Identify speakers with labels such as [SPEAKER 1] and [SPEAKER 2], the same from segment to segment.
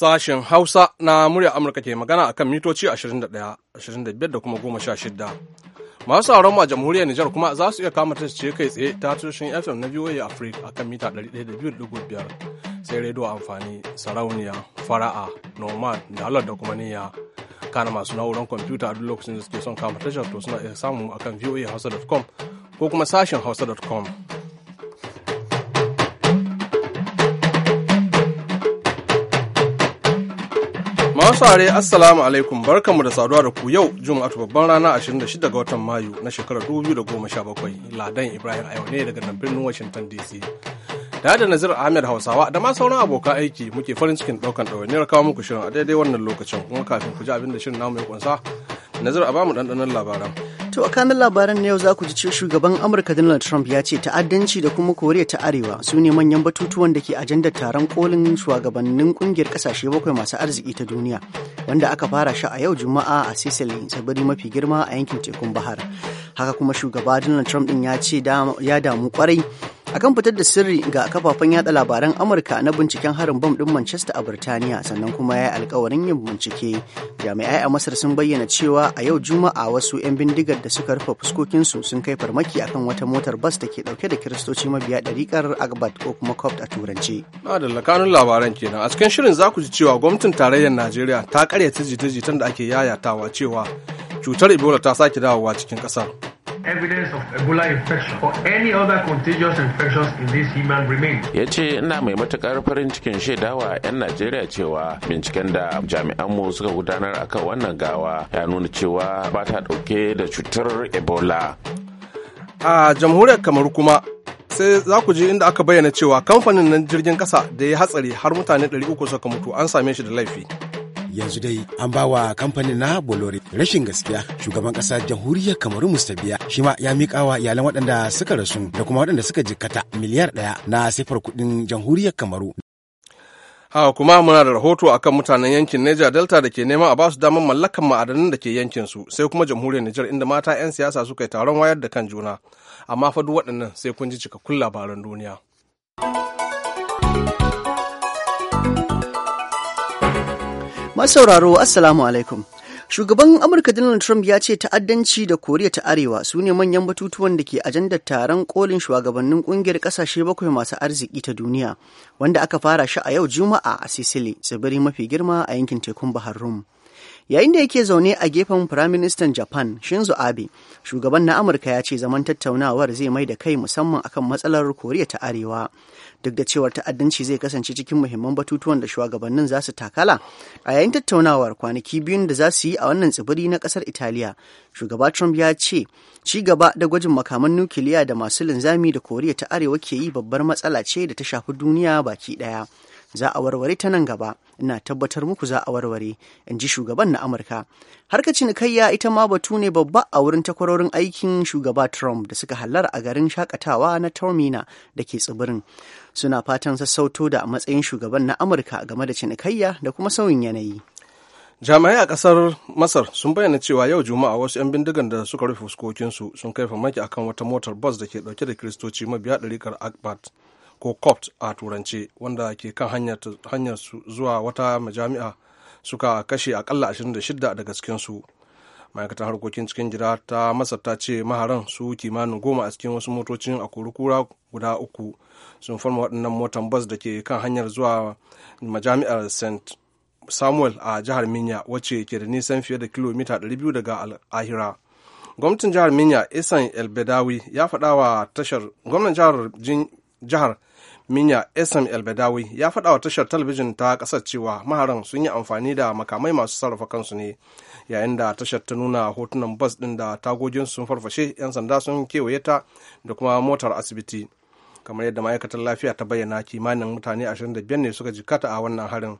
[SPEAKER 1] Sashen Hausa na murya Amurka ke magana akan mitoci 21, 25 da kuma 16. Masu sauran a jamhuriyar Nijar kuma za su iya kama ce kai tsaye ta tushen FM na VOA Africa akan mita 102.5 sai rediyo amfani sarauniya fara'a nomad da halar da kuma niyya kana masu na'urar kwamfuta a duk lokacin da suke son kama tashar to suna iya samu akan hausa.com ko kuma sashen hausa.com Masu are Assalamu alaikum barkanmu da saduwa da ku yau ta babban rana 26 ga watan Mayu na shekarar 2017 Ladan Ibrahim a ne daga nan birnin Washington DC. Da da Nazir Ahmed Hausawa da ma sauran abokan aiki muke farin cikin daukan ɗawainiyar kawo muku shirin a daidai wannan lokacin kuma kafin ku ji abin da shirin namu ya kunsa Nazir a bamu ɗanɗanon labaran.
[SPEAKER 2] To a labaran na yau za ku ji cewa shugaban Amurka Donald Trump ya ce ta'addanci da kuma Koriya ta Arewa su ne manyan batutuwan da ke ajandar taron kolin shugabannin kungiyar kasashe bakwai masu arziki ta duniya wanda aka fara shi a yau Juma'a a Sicily sabari mafi girma a yankin tekun Bahar. Haka kuma shugaba Donald Trump din ya ce ya damu kwarai akan fitar da sirri ga kafafen yada labaran amurka na binciken harin bom din manchester a birtaniya sannan kuma ya yi alkawarin yin bincike jami'ai a masar sun bayyana cewa a yau juma'a wasu 'yan bindigar da suka rufe fuskokinsu sun kai farmaki akan wata motar bas da ke dauke da kiristoci mabiya ɗariƙar agbat ko kuma copt a
[SPEAKER 1] turanci na da lakanun labaran kenan a cikin shirin za ku ji cewa gwamnatin tarayyar najeriya ta karya ta jita-jitan da ake yayatawa cewa cutar ebola ta sake dawowa cikin ƙasar evidence of Ebola infection or any other contagious infections in this human remains.
[SPEAKER 3] Ya ce ina mai matukar farin cikin shaidawa 'yan Najeriya cewa binciken da jami'an mu suka gudanar a kan wannan gawa ya nuna cewa ba ta dauke da cutar Ebola.
[SPEAKER 1] A jamhuriyar kamar kuma sai za ku ji inda aka bayyana cewa kamfanin nan jirgin kasa da ya hatsari har mutane 300 suka mutu an same shi da laifi. yanzu dai
[SPEAKER 4] an ba wa kamfanin na bolore rashin gaskiya shugaban kasa jamhuriyar kamaru mustabiya shi ma ya miƙa wa iyalan waɗanda suka rasu da kuma waɗanda suka jikkata miliyar ɗaya na sifar kuɗin jamhuriyar kamaru
[SPEAKER 1] a kuma muna da rahoto akan mutanen yankin Niger Delta da ke neman a ba su damar mallakan ma'adanan da ke yankin su sai kuma jamhuriyar niger inda mata 'yan siyasa suka yi taron wayar da kan juna. Amma fa duk waɗannan sai kun ji cikakkun labaran duniya. Masauraro,
[SPEAKER 2] Assalamu alaikum. Shugaban Amurka Donald Trump ya ce ta'addanci da Koriya ta Arewa su ne manyan batutuwan da ke ajandar taron kolin shugabannin kungiyar kasashe bakwai masu arziki ta duniya, wanda aka fara shi a yau Juma'a a Sicily, tsibiri mafi girma a yankin tekun Bahar Rum. Yayin da yake zaune a gefen Firaministan Japan Shinzo Abe, shugaban na Amurka ya ce zaman tattaunawar zai mai da kai musamman akan matsalar Koriya ta Arewa. duk da cewar ta'addanci zai kasance cikin muhimman batutuwan da shugabannin za su takala a yayin tattaunawar kwanaki biyun da za su yi a wannan tsibiri na kasar italiya shugaba trump ya ce ci gaba da gwajin makaman nukiliya da masu linzami da koriya ta arewa ke yi babbar matsala ce da ta shafi duniya baki daya za a warware ta nan gaba ina tabbatar muku za a warware in ji shugaban na amurka harka cinikayya ita ma batu ne babba a wurin takwarorin aikin shugaba trump da suka hallara a garin shakatawa na turmina da ke tsibirin suna fatan sassauto da matsayin shugaban na amurka game da cinikayya da kuma sauyin yanayi
[SPEAKER 1] jami'ai a kasar masar sun bayyana cewa yau juma'a wasu 'yan bindigan da suka rufe fuskokinsu sun kai famaki akan wata motar bus da ke dauke da kiristoci mabiya ɗarikar akbat ko copt a turance wanda ke kan hanyar zuwa wata majami'a suka kashe akalla 26 daga cikinsu ma'aikatan harkokin cikin gida ta masar ta ce maharan su kimanin goma a cikin wasu motocin a kurukura guda uku sun farma waɗannan motan bas da ke kan hanyar zuwa majami'ar st samuel a jihar minya wacce ke da nisan fiye da kilomita 200 daga al'ahira gwamnatin jihar minya isan elbedawi ya faɗa wa tashar gwamnan jihar minya esam elbedawi ya faɗa wa tashar talabijin ta ƙasar cewa maharan sun yi amfani da makamai masu sarrafa kansu ne yayin da tashar ta nuna hotunan bas ɗin da tagogin sun farfashe 'yan sanda sun kewaye ta da kuma motar asibiti kamar yadda ma'aikatar lafiya ta bayyana kimanin mutane ashirin da 25 ne suka jikata a wannan harin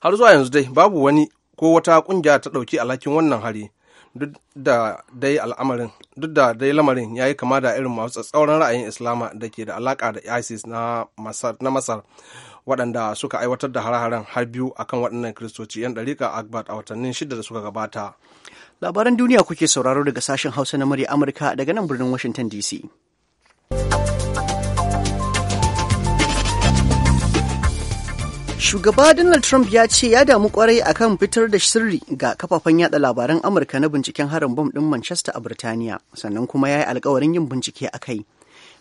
[SPEAKER 1] har zuwa yanzu dai babu wani ko wata kungiya ta ɗauki alhakin wannan hari duk da dai al'amarin duk da dai lamarin ya yi kama da irin masu tsatsauran ra'ayin islama da ke da alaka da isis na masar, waɗanda suka aiwatar da hare-haren har biyu akan waɗannan kiristoci 'yan ɗarika akbar a watannin shida da suka gabata labaran duniya kuke sauraro daga sashen hausa na murya
[SPEAKER 2] amurka daga nan birnin washington dc Shugaba Donald Trump ya ce ya damu kwarai akan fitar da sirri ga kafafen yada labaran Amurka na binciken harin bom ɗin Manchester a Birtaniya, sannan kuma ya yi alkawarin yin bincike a kai.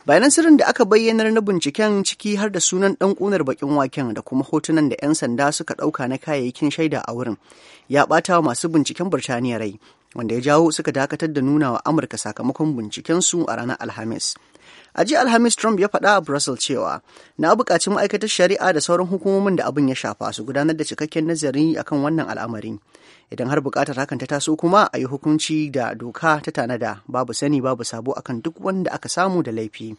[SPEAKER 2] Bayanan sirrin da aka bayyanar na binciken ciki har da sunan ɗan kunar bakin waken da kuma hotunan da 'yan sanda suka ɗauka na kayayyakin shaida a wurin ya ɓata wa masu binciken Birtaniya rai, wanda ya jawo suka dakatar da nuna wa Amurka sakamakon binciken su a ranar Alhamis. a jiya alhamis trump ya faɗa a brussels cewa na buƙaci ma'aikatar shari'a da sauran hukumomin da abin ya shafa su gudanar da cikakken nazari akan wannan al'amari idan har buƙatar hakan ta taso kuma a yi hukunci da doka ta tanada babu sani babu sabo akan duk wanda aka samu da laifi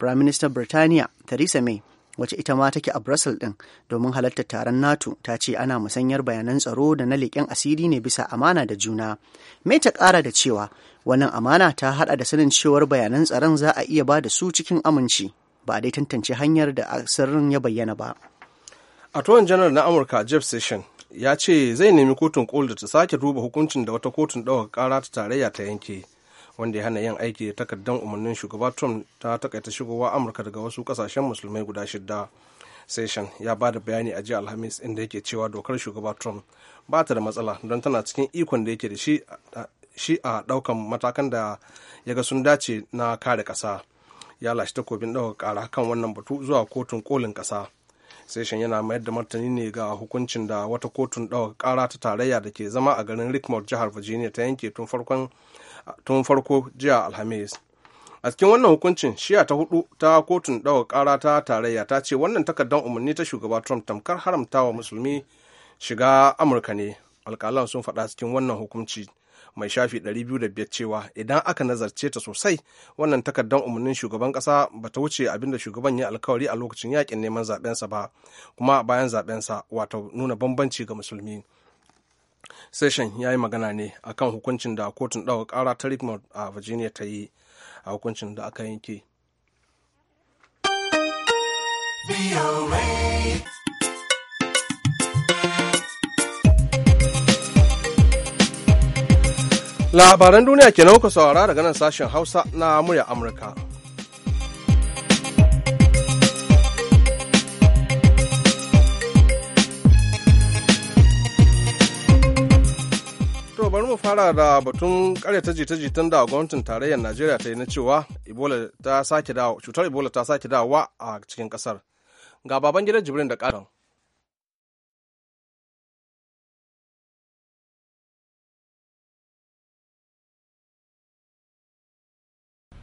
[SPEAKER 2] prime minister birtaniya theresa may wacce ita ma take a Brussels ɗin domin halartar taron NATO ta ce ana musanyar bayanan tsaro da na leƙen asiri ne bisa amana da juna. Mai ta ƙara da cewa wannan amana ta hada da sanin cewar bayanan tsaron za a iya ba da su cikin aminci ba dai tantance hanyar da sirrin ya bayyana ba
[SPEAKER 1] attorney janar na amurka jeff session ya ce zai nemi kotun koli da ta sake duba hukuncin da wata kotun ɗaukar kara ta tarayya ta yanke wanda ya hana yin aiki da takardar umarnin shugaba trump ta takaita shigowa amurka daga wasu kasashen musulmai guda shida session ya ba da bayani a jiya alhamis inda yake cewa dokar shugaba trump ba ta da matsala don tana cikin ikon da yake da shi shi a ɗaukan matakan da ya ga sun dace na kare ƙasa ya lashe takobin ɗaukar ƙara kan wannan batu zuwa kotun kolin ƙasa session yana mayar da martani ne ga hukuncin da wata kotun ɗaukar ƙara ta tarayya da ke zama a garin rickmore jihar virginia ta yanke tun farko jiya alhamis a cikin wannan hukuncin shiya ta hudu ta kotun ɗaukar ƙara ta tarayya ta ce wannan takardar umarni ta shugaba trump tamkar wa musulmi shiga amurka ne alkalan sun faɗa cikin wannan hukunci mai shafi 205 cewa idan aka nazarce ta sosai wannan takardar umarnin shugaban kasa ba ta wuce abinda shugaban ya alkawari a lokacin yakin neman zaɓensa ba kuma bayan zaɓensa wato nuna bambanci ga musulmi session ya yi magana ne akan hukuncin da kotun ɗaga ƙara ta richmond a virginia ta yi a hukuncin da aka yanke. Labaran duniya ke kuka saurara daga nan sashen Hausa na murya Amurka. To bari mu fara da batun karyata jita-jitan da gwamnatin tarayyar Najeriya ta yi na cewa cutar Ebola ta sake dawowa a cikin kasar.
[SPEAKER 5] Ga baban gidan Jibrin da ƙarin.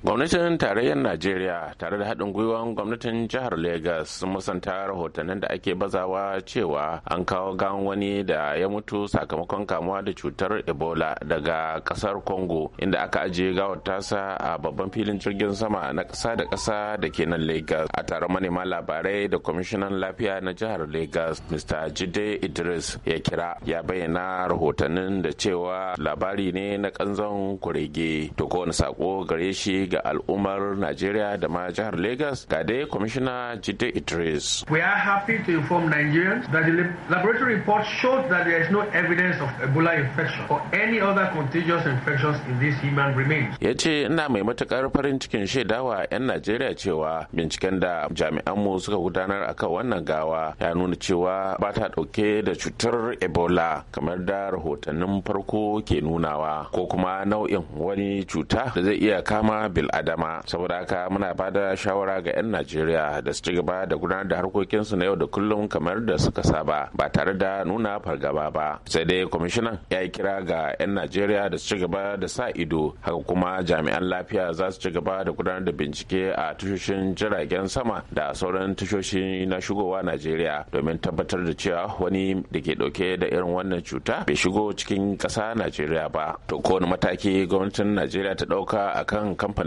[SPEAKER 5] gwamnatin tarayyar najeriya tare da haɗin gwiwar gwamnatin jihar Legas
[SPEAKER 3] sun musanta rahotannin da ake bazawa cewa an kawo gan wani da ya mutu sakamakon kamuwa da cutar ebola daga ƙasar congo inda aka ajiye gawar tasa a babban filin jirgin sama na ƙasa da ƙasa da ke nan Legas. a taron manema labarai da kwamishinan lafiya na jihar Legas, mr jide idris ya kira ya bayyana rahotannin da cewa labari ne na kanzon kurege to kowane sako gare shi da al'ummar Najeriya da ma jihar Lagos ga dai kwamishina Jide Idris.
[SPEAKER 1] We are happy to inform Nigerians that the laboratory report showed that there is no evidence of Ebola infection or any other contagious infections in this human remains.
[SPEAKER 3] Ya ce ina mai matukar farin cikin shaidawa 'yan Najeriya cewa binciken da jami'anmu suka gudanar akan wannan gawa ya nuna cewa ba ta dauke da cutar Ebola kamar da rahotannin farko ke nunawa ko kuma nau'in wani cuta da zai iya kama bil Adama saboda haka muna bada shawara ga 'yan najeriya da su ci gaba da gudanar da harkokinsu na yau da kullum kamar da suka saba ba tare da nuna fargaba ba sai dai kwamishinan ya yi kira ga 'yan najeriya da su ci gaba da sa ido haka kuma jami'an lafiya za su ci gaba da gudanar da bincike a tushoshin jiragen sama da sauran tushoshi na shigowa najeriya domin tabbatar da cewa wani da ke dauke da irin wannan cuta bai shigo cikin ƙasa najeriya ba to kowane mataki gwamnatin najeriya ta dauka akan kamfanin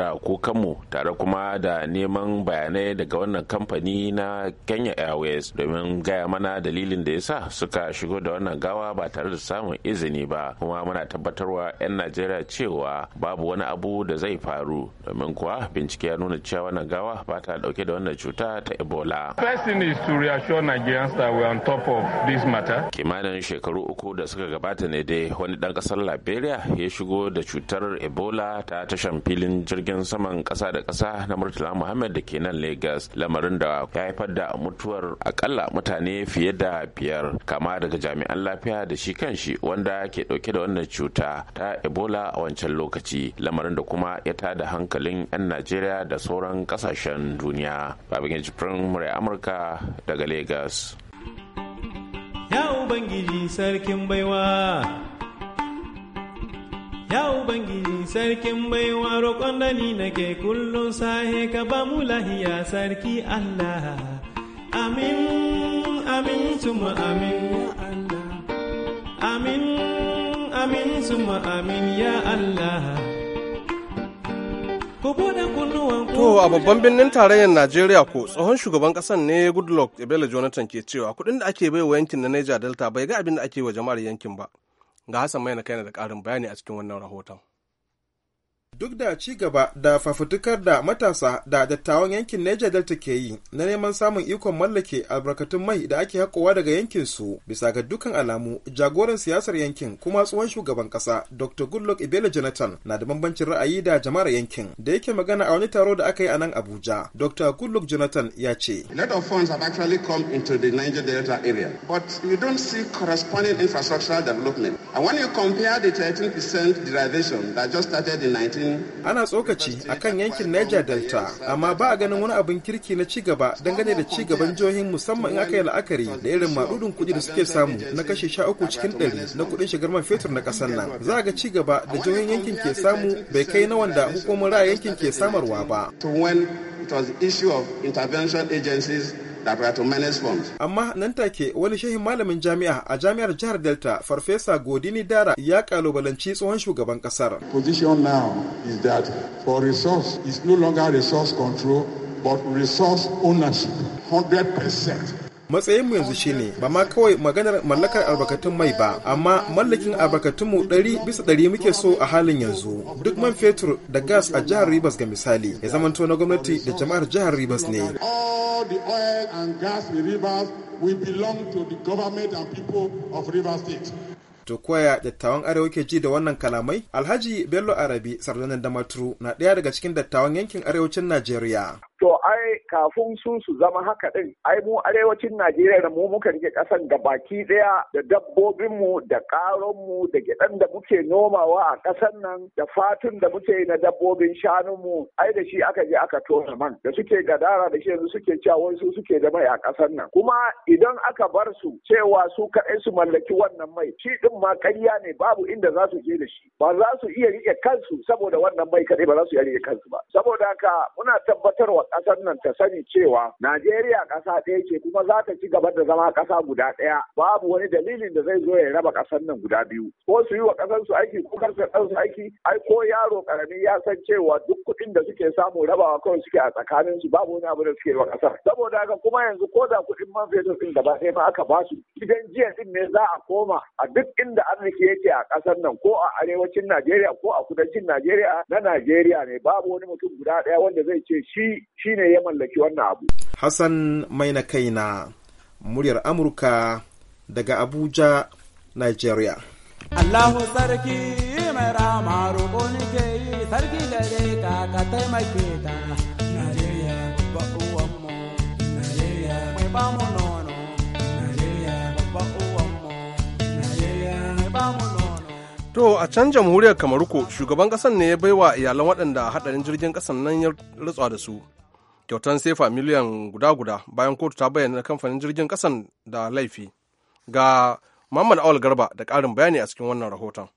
[SPEAKER 3] da kukanmu tare kuma da neman bayanai daga wannan kamfani na kenya airways domin gaya mana dalilin da ya sa suka shigo da wannan gawa ba tare da samun izini ba kuma muna tabbatarwa 'yan najeriya cewa babu wani abu da zai faru domin kuwa bincike ya nuna cewa wannan gawa ba ta dauke da wannan cuta ta ebola kimanin shekaru uku da suka gabata ne dai wani dan kasar liberia ya shigo da cutar ebola ta tashan filin jirgin jirgin saman kasa da kasa na murtala muhammad da ke nan Legas lamarin da ya haifar da mutuwar akalla mutane fiye da biyar kama daga jami'an lafiya da shi kan shi wanda ke dauke da wannan cuta ta ebola a wancan lokaci lamarin da kuma ya ta da hankalin 'yan najeriya da sauran kasashen duniya babin jifirin murai amurka daga lagos
[SPEAKER 6] ya ubangiji sarkin baiwa Ya Ubangiji sarkin baiwa roƙon da nake kullum sahe ka ba mu lahiya sarki Allah. Amin, amin, suma amin ya Allah. Amin, amin, suma amin ya Allah. To
[SPEAKER 1] a babban birnin tarayyar Najeriya ko tsohon shugaban ƙasar ne Goodluck Ebele Jonathan ke cewa kuɗin da ake baiwa yankin na Niger Delta bai ga abin da ake wa jama'ar yankin ba. Ga Hassan mai na kai da ƙarin bayani a cikin wannan rahoton.
[SPEAKER 6] Duk da ci gaba da fafutukar da matasa da dattawan yankin Niger Delta ke yi na neman samun ikon mallake albarkatun mai da ake hakowa daga yankin su bisa ga dukkan alamu jagoran siyasar yankin kuma tsohon shugaban kasa Dr. Goodluck Ibele Jonathan na da bambancin ra'ayi da jama'ar yankin da yake magana a wani taro da aka yi a nan Abuja. Dr. Goodluck Jonathan ya ce.
[SPEAKER 3] A lot of funds have
[SPEAKER 6] actually come into the Niger Delta area but you don't see corresponding infrastructural development and when you compare the 13% derivation that just started in 19 ana tsokaci a kan yankin niger delta amma ba a ganin wani abin kirki na cigaba dangane da cigaban jihohin musamman in aka yi la'akari da irin maɗudin kuɗi da suke samu na kashe sha uku cikin ɗari na kuɗin shigar man fetur na ƙasar nan za a ga cigaba da jihohin yankin ke samu bai kai na wanda hukumar raya yankin ke samarwa ba. to when it was issue of intervention agencies da wato Fund. Amma nan take wani shehin malamin jami'a a jami'ar jihar Delta Farfesa Godini Dara ya kalubalanci tsohon shugaban kasar. Position now is that for resource is no longer resource control but resource ownership 100%. matsayinmu yanzu shine ba ma kawai maganar mallakar albarkatun mai ba amma mallakin albarkatunmu ɗari bisa ɗari muke so a halin yanzu duk man fetur da gas a jihar Rivers ga misali ya zamanto na gwamnati da jama'ar jihar Rivers ne. To koya dattawan arewa ke ji da wannan kalamai? Alhaji Bello Arabi Sardanan Damaturu na ɗaya daga cikin dattawan yankin arewacin Najeriya.
[SPEAKER 5] to ai kafin su su zama haka din ai mu arewacin Najeriya da mu muka rike kasan da baki daya da dabbobin mu da karon mu da gidan da muke nomawa a kasan nan da fatun da muke na dabbobin shanun mu ai da shi aka je aka tona man da suke gadara da shi yanzu suke cewa su suke da mai a kasan nan kuma idan aka bar su cewa su kaɗai su mallaki wannan mai shi din ma ƙarya ne babu inda za su je da shi ba za su iya rike kansu saboda wannan mai kaɗai ba za su iya rike kansu ba saboda haka muna tabbatarwa kasar nan ta sani cewa Najeriya ƙasa ɗaya ce kuma za ta ci gaba da zama kasa guda ɗaya babu wani dalilin da zai zo ya raba kasar nan guda biyu ko su yi wa ƙasar su aiki ko kar su su aiki ai ko yaro karami ya san cewa duk kuɗin da suke samu rabawa kawai suke a tsakanin su babu wani abu da suke wa ƙasar saboda haka kuma yanzu ko da kuɗin man fetur ɗin gaba ɗaya ma aka basu gidan jiya ɗin ne za a koma a duk inda arziki yake a kasar nan ko a arewacin Najeriya ko a kudancin Najeriya na Najeriya ne babu wani mutum guda ɗaya wanda zai ce shi shine ya mallaki wannan abu
[SPEAKER 6] hassan mai na kaina muryar amurka daga abuja nigeria
[SPEAKER 7] Allahu sarki mai rama roƙo ke yi sarki gare ka ka taimake ta Najeriya ba mai ba mu nono
[SPEAKER 8] ba mu nono
[SPEAKER 1] To a can jamhuriyar Kamaruko shugaban ƙasan ne ya baiwa iyalan waɗanda haɗarin jirgin ƙasan nan ya rutsa da su kyautan sefa miliyan guda-guda bayan kotu ta bayyana kamfanin jirgin kasan da laifi ga Muhammad Awal Garba da ƙarin bayani a cikin wannan rahoton.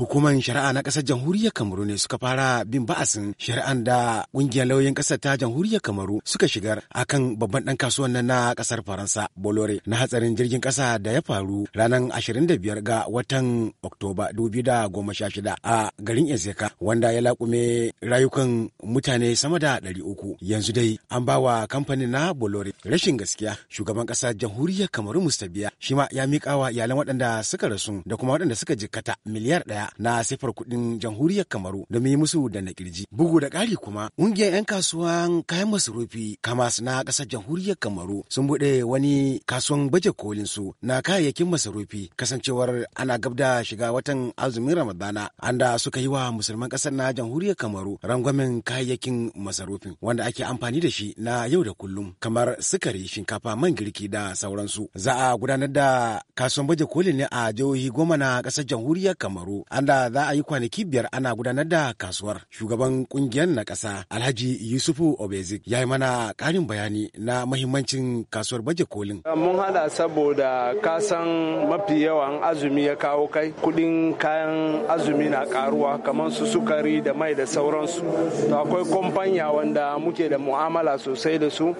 [SPEAKER 4] Hukumar shari'a na ƙasar jamhuriyar Kamaru ne suka fara bin ba'asin shari'an da ƙungiyar lauyoyin ƙasar ta jamhuriyar Kamaru suka shigar akan babban ɗan kasuwan nan na ƙasar Faransa Bolore na hatsarin jirgin ƙasa da ya faru ranar ashirin da biyar ga watan Oktoba Dubu da goma sha shida, a garin Ezeka wanda ya laƙume rayukan mutane sama da ɗari uku. Yanzu dai an ba wa kamfanin na Bolore rashin gaskiya shugaban ƙasar jamhuriyar Kamaru Mustabiya shi ma ya miƙa wa iyalan waɗanda suka rasu da kuma waɗanda suka jikkata miliyar ɗaya na sifar kuɗin jamhuriyar Kamaru da yi musu da na kirji. Bugu da ƙari kuma ƙungiyar 'yan kasuwan kayan masarufi kamas na ƙasar jamhuriyar Kamaru sun buɗe wani kasuwan baje kolin su na kayayyakin masarufi kasancewar ana gab da shiga watan azumin Ramadana anda suka yi wa musulman ƙasar na jamhuriyar Kamaru rangwamen kayayyakin masarufin wanda ake amfani da shi na yau da kullum kamar sukari shinkafa man girki da sauransu. Za a gudanar da kasuwan baje kolin ne a jihohi goma na ƙasar jamhuriyar Kamaru. a akalla za a yi kwanaki biyar ana gudanar da kasuwar shugaban kungiyar na ƙasa alhaji yusufu obezik ya yi mana ƙarin bayani na mahimmancin kasuwar baje kolin
[SPEAKER 1] ah, mun hada saboda kasan mafi yawan azumi ya kawo kai kudin kayan azumi na karuwa kamar su sukari da mai da sauransu to akwai kwamfanya wanda muke da mu'amala sosai da su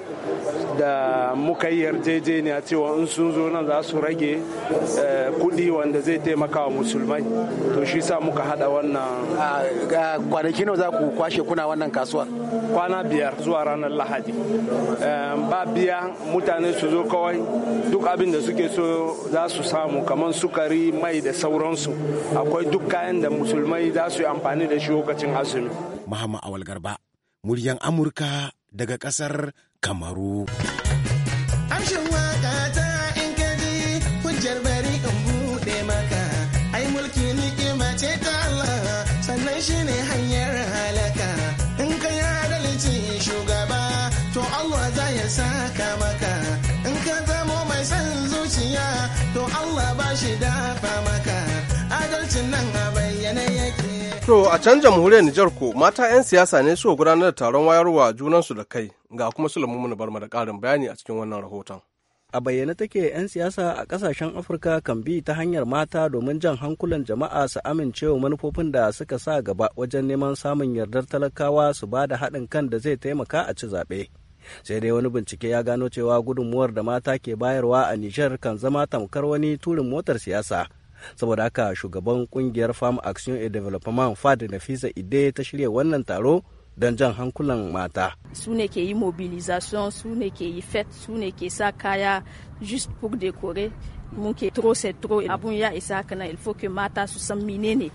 [SPEAKER 1] da muka yi yarjejeniya cewa in sun zo nan za su rage eh, kudi wanda zai taimaka
[SPEAKER 4] wa musulmai to shi sa muka hada wannan kwanaki nawa za ku kwashe kuna wannan kasuwar. kwana
[SPEAKER 1] biyar zuwa ranar lahadi ba biya mutane su zo kawai duk abin da suke so za su samu kamar sukari mai da sauransu akwai duk kayan da musulmai za su yi amfani da shi lokacin azumi
[SPEAKER 4] muhammad Awal Garba, muryan Amurka daga kasar Kamaru.
[SPEAKER 6] to Allah ba shi dafa maka adalcin nan a bayyana yake.
[SPEAKER 1] To a can jamhuriyar Nijar ko mata 'yan siyasa ne suka gudanar da taron wayarwa junansu da kai ga kuma Sulaimu bar da ƙarin bayani a cikin wannan rahoton. a bayyane take 'yan siyasa a kasashen afirka kan
[SPEAKER 7] bi ta hanyar mata domin jan hankulan jama'a su amincewa manufofin da suka sa gaba wajen neman samun yardar talakawa su ba da haɗin kan da zai taimaka a ci zaɓe sai dai wani bincike ya gano cewa gudunmuwar da mata ke bayarwa a nijar kan zama tamkar wani turin motar siyasa saboda haka shugaban kungiyar farm action and development fad fisa ide ta shirya wannan taro don jan hankulan mata
[SPEAKER 9] su ne ke yi mobilization su ne ke yi fet su ne ke sa kaya just pour décorer mun ke turo sai il abun ya isa kana il faut que mata su san menene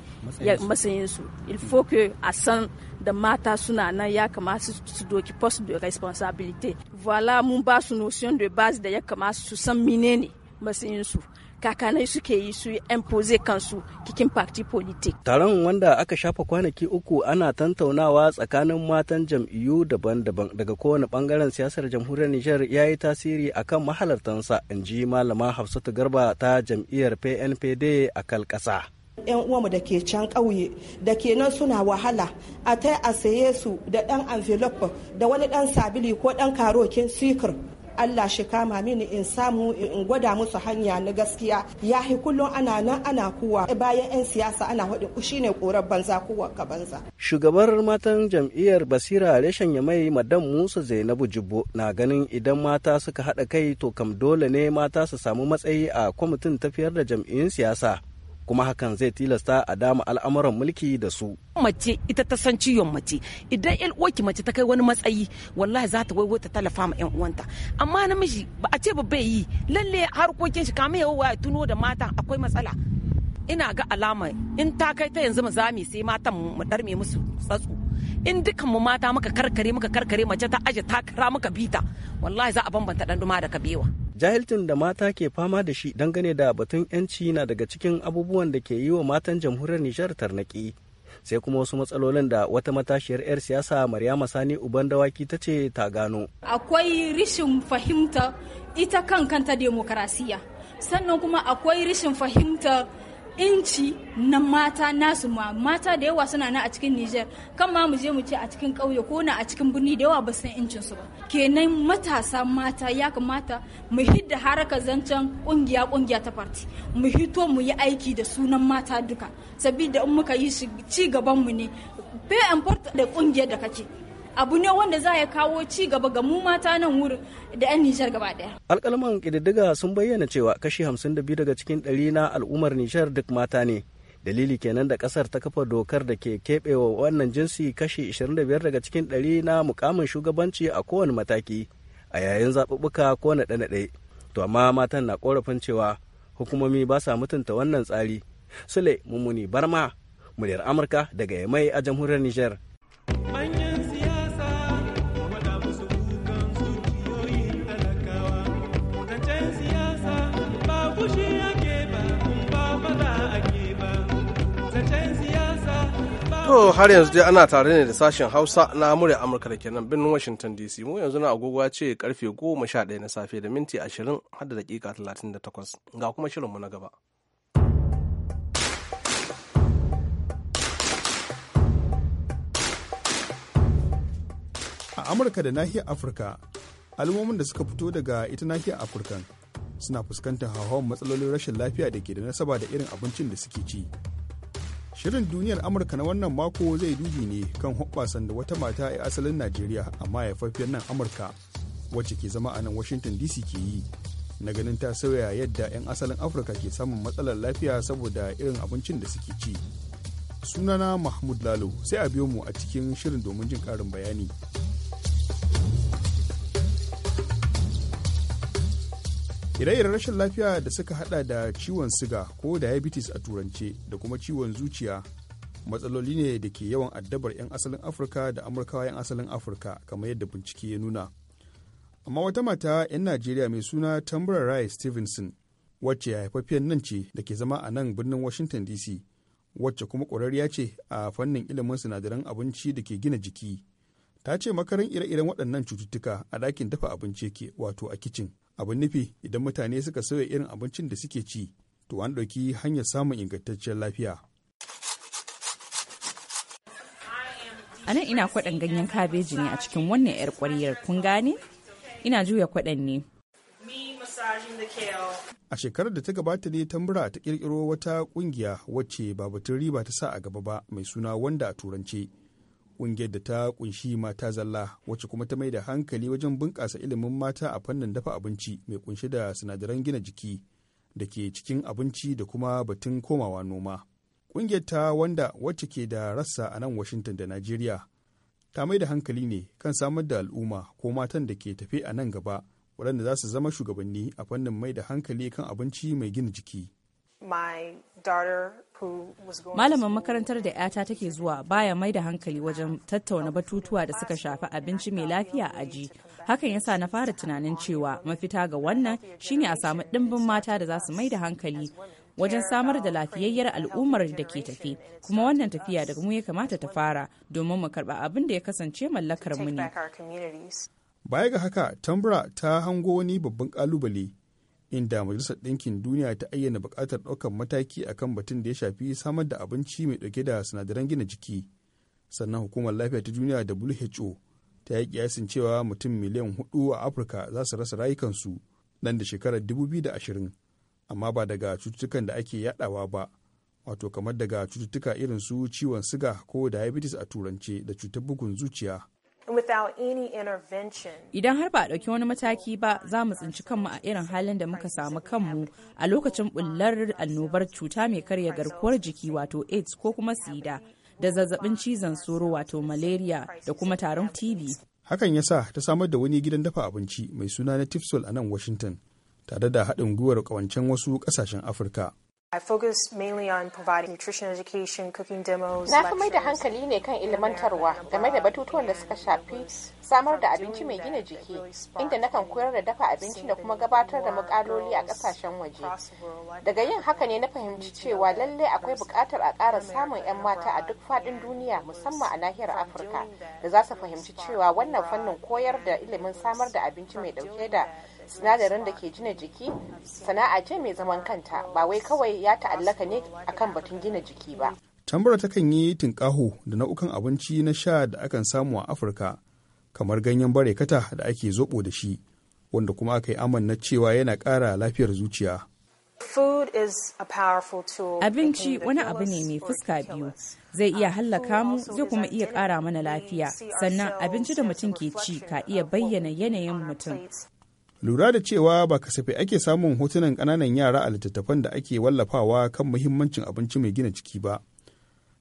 [SPEAKER 9] matsayin su il faut que a san da mata suna nan ya kamata su doki poste de responsabilité voilà mun ba su notion de base da ya kamata su san menene matsayin su kakanai suke yi su impose kansu cikin party politics.
[SPEAKER 7] Taron wanda aka shafa kwanaki uku ana tantaunawa tsakanin matan jam'iyyu daban-daban daga kowane bangaren siyasar jamhuriyar Nijar ya yi tasiri akan mahalartansa in ji malama Hafsatu Garba ta jam'iyyar PNPD a kalkasa.
[SPEAKER 9] 'yan uwanmu da ke can ƙauye da ke nan suna wahala a ta a saye su da ɗan envelope da wani ɗan sabili ko ɗan karokin sikir Allah shi kama mini in samu in gwada musu hanya na gaskiya ya hi kullum ana nan ana kuwa e bayan 'yan siyasa ana haɗin kushi ne korar banza kuwa ka banza.
[SPEAKER 7] Shugabar matan jam'iyyar Basira reshen ya mai madam Musa Zainabu Jibbo na ganin idan mata suka haɗa kai to kam dole ne mata su samu matsayi a kwamitin tafiyar da jam'iyyun siyasa. kuma hakan zai tilasta a dama al'amuran mulki da su.
[SPEAKER 9] Mace ita ta san ciwon mace idan yan uwarki mace ta kai wani matsayi wallahi za ta waiwo ta talafa ma yan uwanta amma namiji ba a ce ba bai yi lalle harkokin shi kamar yau ya tuno da mata akwai matsala ina ga alama in ta kai ta yanzu mu zame sai matan mu darme musu tsatsu in dukan mu mata muka karkare muka karkare mace ta aje takara muka bita wallahi za a bambanta dan duma da kabewa
[SPEAKER 7] jahilcin da mata ke fama da shi dangane da batun yanci na daga cikin abubuwan da ke yi wa matan jamhuriyar nijar tarnaki sai kuma wasu matsalolin da wata matashiyar 'yar siyasa maryama sani uban dawaki ta ce ta gano
[SPEAKER 9] akwai rishin fahimta ita kan kanta demokarasiya sannan kuma akwai rishin fahimta inci na mata nasu ma mata da yawa suna na a cikin Nijar kan ma mu je mu ce a cikin ƙauye ko na a cikin birni da yawa ba san incin su ba kenan matasa mata ya kamata mu hidda haraka zancen kungiya kungiya ta farti mu hito mu yi aiki da sunan mata duka sabida in muka yi ci gaban mu ne bai importa da kungiyar da kake abu ne wanda za ya kawo ci gaba ga mu mata nan wurin da 'yan Nijar gaba daya.
[SPEAKER 7] Alkalman ƙididdiga sun bayyana cewa kashi 52 daga cikin ɗari na al'ummar Nijar duk mata ne. Dalili kenan da kasar ta kafa dokar da ke keɓewa wannan jinsi kashi 25 daga cikin ɗari na mukamin shugabanci a kowane mataki a yayin zaɓuɓɓuka ko naɗe-naɗe. To amma matan na korafin cewa hukumomi ba sa mutunta wannan tsari. Sule Mummuni Barma, muryar Amurka daga Yamai a jamhuriyar Nijar.
[SPEAKER 1] To har yanzu dai ana tare ne da sashen Hausa na murya Amurka da kenan birnin Washington DC. Mu yanzu na agogo ce karfe 11 na safe da minti 20 har da dakika 38. Ga kuma mu na gaba.
[SPEAKER 8] A Amurka da nahiyar Afirka, al'ummomin da suka fito daga ita nahiyar afirka suna fuskantar hauhawar matsalolin rashin lafiya da ke da nasaba da irin abincin da suke ci. Shirin duniyar Amurka na wannan mako zai dubi ne kan hoɓɓasan da wata mata a asalin Najeriya amma haifaffiyar nan Amurka wacce ke zama a nan Washington DC ke yi. Na ganin ta sauya yadda 'yan asalin Afirka ke samun matsalar lafiya saboda irin abincin da suke ci. Sunana Mahmud Lalo sai a biyo mu a cikin shirin domin jin ƙarin bayani. ire-iren rashin lafiya da suka hada da ciwon siga ko diabetes a turance da kuma ciwon zuciya matsaloli ne da ke yawan addabar 'yan asalin afirka da amurkawa 'yan asalin afirka kamar yadda bincike ya nuna amma wata mata 'yan najeriya mai suna tambura rai stevenson wacce haifaffiyar nan ce da ke zama a nan birnin washington dc wacce kuma ƙwararriya ce a fannin ilimin sinadaran abinci da ke gina jiki ta ce makarin ire-iren waɗannan cututtuka a ɗakin dafa abinci ke wato a kicin abin nufi idan mutane suka sauya irin abincin da suke ci to an ɗauki hanyar samun ingantacciyar lafiya
[SPEAKER 9] a nan ina kwaɗan ganyen kabeji ne a cikin wannan 'yar ƙwariyar kun gane ina juya kwaɗan ne
[SPEAKER 8] a shekarar da ta gabata ne tambura ta ƙirƙiro wata ƙungiya wacce ba batun riba ta sa a gaba ba mai suna wanda a turance ƙungiyar da ta ƙunshi mata zalla wacce kuma ta mai da hankali wajen bunƙasa ilimin mata a fannin dafa abinci mai ƙunshi da sinadaran gina jiki da ke cikin abinci da kuma batun komawa noma ƙungiyar ta wanda wacce ke da rassa a nan washington da najeriya ta mai da hankali ne kan samar da al'umma ko matan da ke tafe a nan gaba waɗanda za su zama shugabanni a fannin mai da hankali kan abinci mai gina jiki
[SPEAKER 9] Malamin makarantar da 'yata take zuwa baya mai da hankali wajen tattauna batutuwa da suka shafi abinci mai lafiya a aji. Hakan yasa na fara tunanin cewa mafita ga wannan shine a samu ɗimbin mata da za su mai da hankali wajen samar da lafiyayyar al'ummar da ke tafi kuma wannan tafiya daga mu ya kamata ta fara domin mu karɓa abin da ya kasance mallakar mu ne.
[SPEAKER 8] Baya ga haka, Tambra ta hango wani babban ƙalubale inda majalisar ɗinkin duniya ta ayyana buƙatar ɗaukar mataki akan batun da ya shafi samar da abinci mai ɗauke da sinadaran gina jiki sannan hukumar lafiya ta duniya who ta yi kiyasin cewa mutum miliyan huɗu a afirka za su rasa rayukansu nan da shekarar 2020 amma ba daga cututtukan da ake yaɗawa ba wato kamar daga cututtuka irin su ciwon siga ko diabetes a turance da cutar bugun zuciya
[SPEAKER 6] Idan
[SPEAKER 9] har ba a ɗauki wani mataki ba za mu tsinci kanmu a irin halin da muka samu kanmu a lokacin bullar annobar cuta mai karya garkuwar jiki wato AIDS ko kuma sida da zazzabin cizon soro wato malaria da kuma
[SPEAKER 8] tarin TB. Hakan ya sa ta samar da wani gidan dafa abinci mai suna na Tifsol a nan Washington tare da haɗin gwiwar ƙawancen wasu ƙasashen Afirka.
[SPEAKER 9] I focus mainly on providing nutrition education, cooking demos. Na fi mai da hankali ne kan ilmantarwa game da batutuwan da suka shafi samar da abinci mai gina jiki, inda nakan koyar da dafa abinci da kuma gabatar da mukaloli a kasashen waje. Daga yin haka ne na fahimci cewa lallai akwai buƙatar a ƙara samun 'yan mata a duk faɗin duniya musamman a nahiyar Afirka da za su fahimci cewa wannan fannin koyar da ilimin samar da abinci mai ɗauke da sinadarin da ke gina jiki sana'a ce mai zaman kanta ba wai kawai ya ta'allaka ne akan batun gina jiki ba
[SPEAKER 8] tambara ta kan yi tinkaho da nau'ukan abinci na sha da akan samu a afirka kamar ganyen barekata da ake zobo da shi wanda kuma aka yi amanna cewa yana ƙara lafiyar zuciya
[SPEAKER 9] Abinci wani abu ne mai fuska biyu, zai iya uh, hallaka mu zai kuma iya ƙara mana lafiya, sannan abinci da mutum ke ci ka iya bayyana yanayin mutum.
[SPEAKER 8] lura da cewa ba kasafai ake samun hotunan ƙananan yara a littattafan da ake wallafawa kan muhimmancin abinci mai gina jiki ba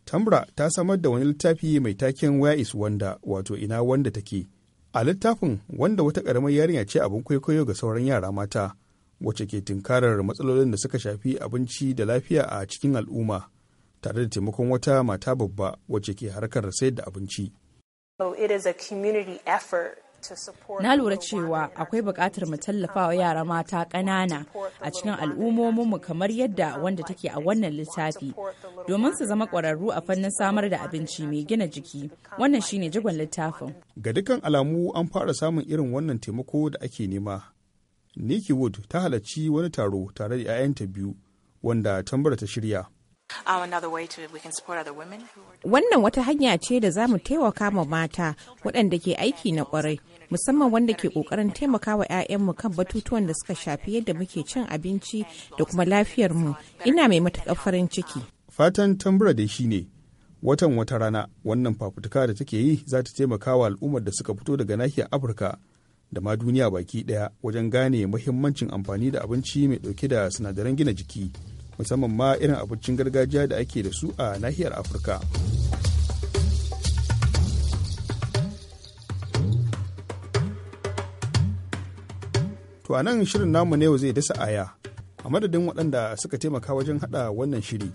[SPEAKER 8] tambra ta samar da wani littafi mai taken where is wanda wato ina wanda take a littafin wanda wata ƙaramar yarinya ce abin kwaikwayo ga sauran yara mata wacce ke tunkarar matsalolin da suka shafi abinci da lafiya a cikin al'umma tare da taimakon wata mata babba wacce ke harkar sayar da abinci.
[SPEAKER 9] So it is Na lura cewa akwai buƙatar mu tallafawa yara mata ƙanana a cikin al'ummominmu kamar yadda wanda take a wannan littafi domin su zama ƙwararru a fannin samar da abinci mai gina jiki. Wannan shine jigon littafin.
[SPEAKER 8] Ga dukkan alamu an fara samun irin wannan taimako da ake nema. Nikki Wood ta halarci wani taro tare da 'ya'yanta biyu wanda tambara ta shirya. Oh, wannan wata hanya ce da za mu taimaka ma mata
[SPEAKER 9] waɗanda ke aiki na ƙwarai musamman wanda ke ƙoƙarin taimaka wa 'ya'yanmu kan batutuwan da suka shafi yadda muke cin abinci da kuma lafiyarmu ina mai matuƙar farin ciki.
[SPEAKER 8] Fatan tambura da shi ne watan wata rana wannan fafutuka da take yi za ta taimaka wa al'ummar da suka fito daga nahiyar Afirka da ma duniya baki ɗaya wajen gane muhimmancin amfani da abinci mai ɗauke da sinadaran gina jiki. musamman ma irin abincin gargajiya da ake da su a nahiyar afirka to a nan shirin namu ne yau zai dasa aya a madadin waɗanda suka taimaka wajen haɗa wannan shiri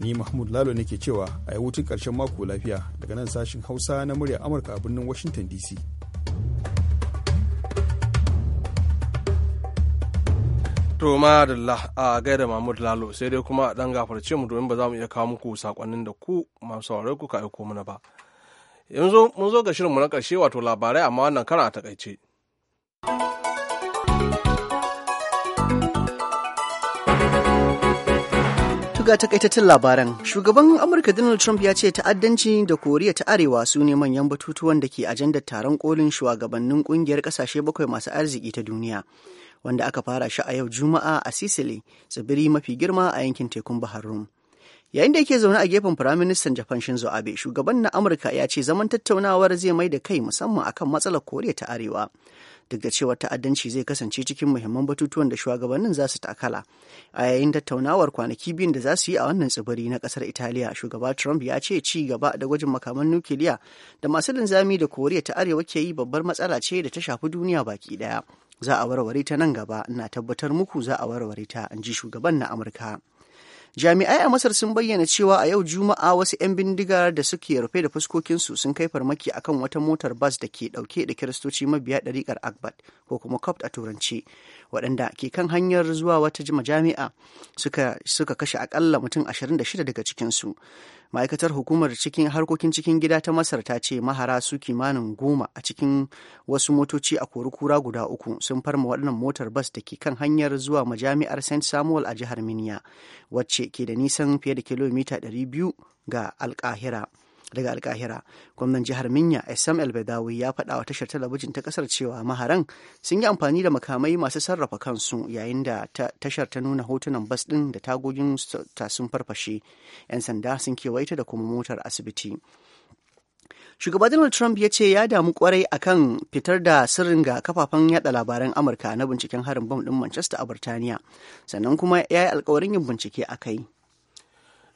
[SPEAKER 8] ni mahmud lalo nake cewa a yi hutun ƙarshen mako lafiya daga nan sashin hausa na murya amurka a birnin washington dc
[SPEAKER 1] To ma a gaida Mahmud Lalo sai dai kuma dan gafarce mu domin ba za mu iya kawo muku sakonnin da ku masu saurare ku ka aiko mana ba. Yanzu mun zo ga mu na ƙarshe wato labarai amma wannan kana a takaice.
[SPEAKER 2] Tuga takaitattun labaran, shugaban Amurka Donald Trump ya ce ta'addanci da Koriya ta Arewa su ne manyan batutuwan da ke ajandar taron kolin shugabannin kungiyar kasashe bakwai masu arziki ta duniya. wanda aka fara shi a yau Juma'a a Sicily, tsibiri mafi girma a yankin tekun Bahar Rum. Yayin da yake zaune a gefen Firaministan Japan Shinzo Abe, shugaban na Amurka ya ce zaman tattaunawar zai mai da kai musamman akan matsalar Koriya ta Arewa. Duk da cewa ta'addanci zai kasance cikin muhimman batutuwan da shugabannin za su takala. A yayin tattaunawar kwanaki biyun da za su yi a wannan tsibiri na kasar Italiya, shugaba Trump ya ce ci gaba da gwajin makaman nukiliya da masu linzami da Koriya ta Arewa ke yi babbar matsala ce da ta shafi duniya baki daya. za a warware ta nan gaba ina tabbatar muku za a warware ta in ji shugaban na amurka jami'ai a masar sun bayyana cewa a yau juma'a wasu 'yan bindigar da suke rufe da fuskokinsu sun kai farmaki akan wata motar bas da ke dauke da kiristoci mabiya ɗariƙar akbat ko kuma kapt a turance waɗanda ke kan hanyar zuwa wata majami'a suka kashe akalla mutum 26 daga cikinsu ma'aikatar hukumar cikin harkokin cikin gida ta masar ta ce mahara su kimanin goma a cikin wasu motoci a kura guda uku sun farma waɗannan motar bas da ke kan hanyar zuwa majami'ar st samuel a jihar miniya wacce ke da nisan fiye da kilomita 200 ga alkahira daga alkahira gwamnan jihar minya sm el ya faɗa wa tashar talabijin ta kasar cewa maharan sun yi amfani da makamai masu sarrafa kansu yayin da tashar ta nuna hotunan bas ɗin da tagogin ta sun farfashe 'yan sanda sun kewaita da kuma motar asibiti shugaba donald trump ya ce ya damu kwarai akan fitar da sirrin ga kafafen yada labaran amurka na binciken harin bom din manchester a birtaniya sannan kuma ya yi alkawarin yin bincike a kai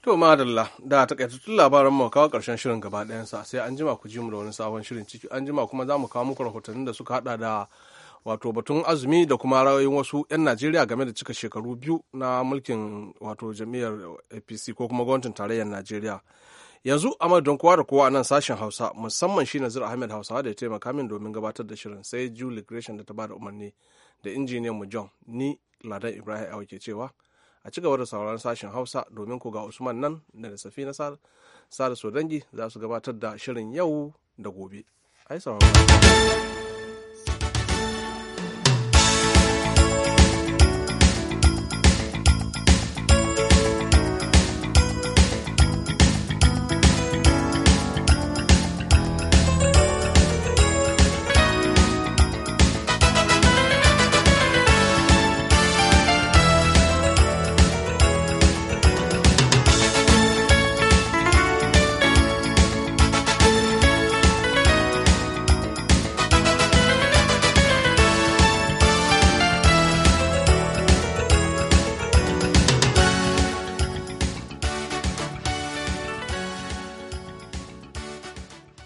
[SPEAKER 1] To madalla da takaitattun labaran mu kawo karshen shirin gaba ɗayansa sai an jima ku ji mu da wani sabon shirin ciki an jima kuma za mu kawo muku rahotannin da suka hada da wato batun azumi da kuma ra'ayoyin wasu 'yan Najeriya game da cika shekaru biyu na mulkin wato jam'iyyar APC ko kuma gwamnatin tarayyar Najeriya. Yanzu a don kowa da kowa a nan sashen Hausa musamman shi Nazir Ahmed Hausawa da ya taimaka min domin gabatar da shirin sai Julie Gresham da ta bada umarni da injiniyan mu John ni Ladan Ibrahim Awa ke cewa a ci gaba da sauran sashen hausa domin ku ga usman nan da safi na sada sodangi za su gabatar da shirin yau da gobe ai